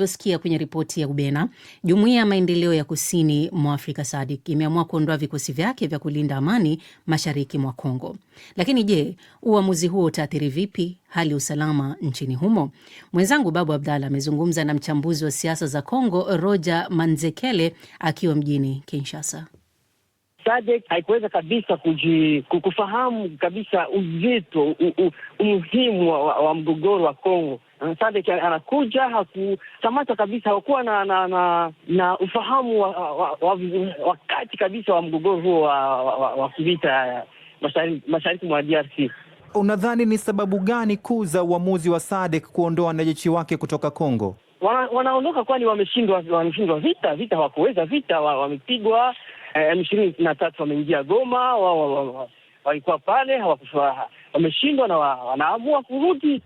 Tulivyosikia kwenye ripoti ya Ubena, jumuiya ya maendeleo ya kusini mwa Afrika SADC imeamua kuondoa vikosi vyake vya kulinda amani mashariki mwa congo Lakini je, uamuzi huo utaathiri vipi hali ya usalama nchini humo? Mwenzangu Babu Abdalla amezungumza na mchambuzi wa siasa za congo Roger Manzekele akiwa mjini Kinshasa. SADC haikuweza kabisa kuji, kufahamu kabisa uzito umuhimu wa, wa mgogoro wa Kongo. SADC anakuja hakukamata kabisa, hakuwa na, na, na, na ufahamu wakati wa, wa, wa, wa kabisa wa mgogoro huo wa, wa, wa, wa kivita mashariki, mwa DRC. Unadhani ni sababu gani kuu za uamuzi wa SADC kuondoa wanajeshi wake kutoka Kongo? Wana, wanaondoka kwani wameshindwa, wameshindwa vita, vita hawakuweza vita, wamepigwa Eh, M ishirini na tatu wameingia Goma, wao walikuwa pale wameshindwa na wanaamua kurudi.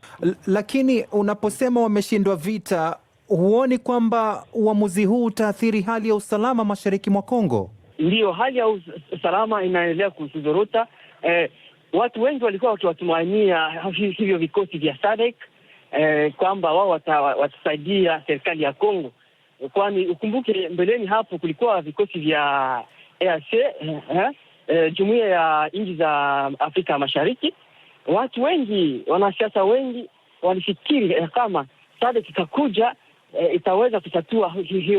Lakini unaposema wameshindwa vita, huoni kwamba uamuzi huu utaathiri hali ya usalama mashariki mwa Kongo? Ndiyo, hali ya usalama inaendelea kuzorota. Eh, watu wengi walikuwa wakiwatumainia hivyo vikosi vya SADC eh, kwamba wao watasaidia serikali ya Kongo, kwani ukumbuke mbeleni hapo kulikuwa vikosi vya EAC eh, eh, eh jumuiya ya nchi za Afrika Mashariki, watu wengi, wanasiasa wengi walifikiri eh, kama SADC itakuja eh, itaweza kutatua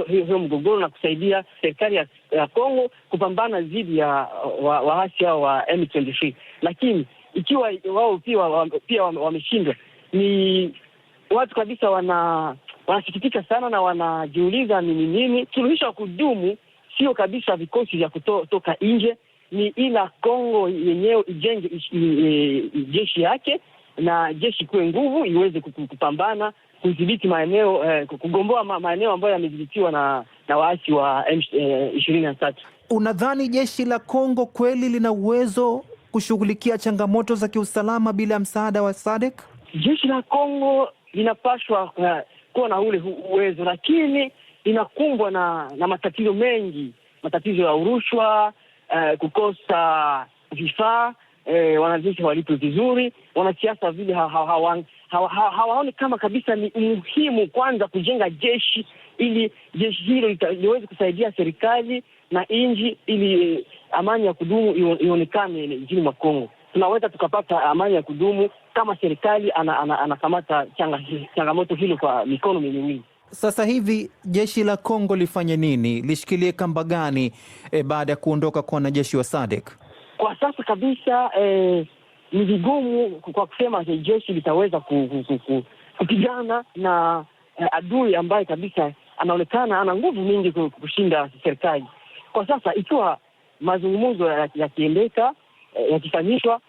hiyo mgogoro na kusaidia serikali ya, ya Kongo kupambana dhidi ya waasi hao wa, wa M23, lakini ikiwa wao pia pia wameshindwa, ni watu kabisa wana wanasikitika sana na wanajiuliza ni nini suluhisho ya kudumu sio kabisa vikosi vya kutoka nje, ni ila Kongo yenyewe ijenge e, jeshi yake na jeshi kuwe nguvu iweze kupambana kudhibiti maeneo eh, kugomboa maeneo ambayo yamedhibitiwa na, na waasi wa e, ishirini na tatu. Unadhani jeshi la Kongo kweli lina uwezo kushughulikia changamoto za kiusalama bila msaada wa SADC? Jeshi la Kongo linapaswa uh, e, kuwa na ule uwezo lakini inakumbwa na na matatizo mengi, matatizo ya urushwa, eh, kukosa vifaa eh, wanajeshi hawalipwi vizuri, wanasiasa vile hawaoni ha, ha, ha, ha, kama kabisa ni muhimu kwanza kujenga jeshi ili jeshi hilo liweze kusaidia serikali na nchi ili eh, amani ya kudumu ionekane nchini mwa Kongo. Tunaweza tukapata amani ya kudumu kama serikali anakamata ana, ana changamoto hilo kwa mikono miwili. Sasa hivi jeshi la Kongo lifanye nini? Lishikilie kamba gani e, baada ya kuondoka kwa wanajeshi wa SADC? Kwa sasa kabisa e, ni vigumu kwa kusema jeshi litaweza kupigana na eh, adui ambaye kabisa anaonekana ana nguvu nyingi kushinda serikali kwa sasa. Ikiwa mazungumzo yakiendeka yakifanyishwa,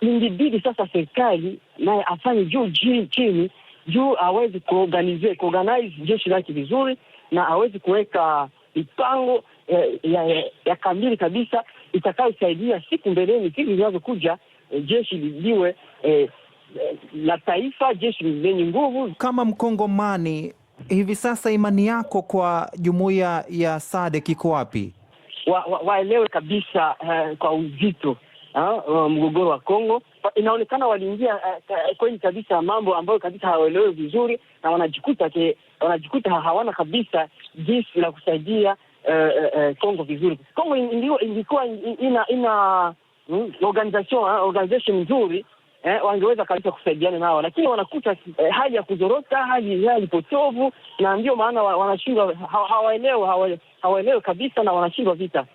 ingebidi sasa serikali naye afanye juu chini juu awezi kuorganize kuorganize jeshi lake vizuri na awezi kuweka mipango eh, ya, ya, ya kamili kabisa itakayosaidia siku mbeleni, siku zinazokuja eh, jeshi liwe eh, eh, la taifa, jeshi lenye nguvu. Kama Mkongomani, hivi sasa imani yako kwa jumuiya ya sadek iko wapi? Waelewe wa, wa kabisa eh, kwa uzito uh, mgogoro wa Kongo inaonekana waliingia uh, kweli kabisa mambo ambayo kabisa hawaelewi vizuri, na wanajikuta ke, wanajikuta hawana kabisa jinsi la kusaidia uh, uh, uh, Kongo vizuri. Kongo ilikuwa ina ina mm, organization organization nzuri Eh, wangeweza kabisa kusaidiana nao, lakini wanakuta eh, hali ya kuzorota, hali hali potovu, na ndio maana wanashindwa, hawaelewi hawaelewi kabisa, na wanashindwa vita.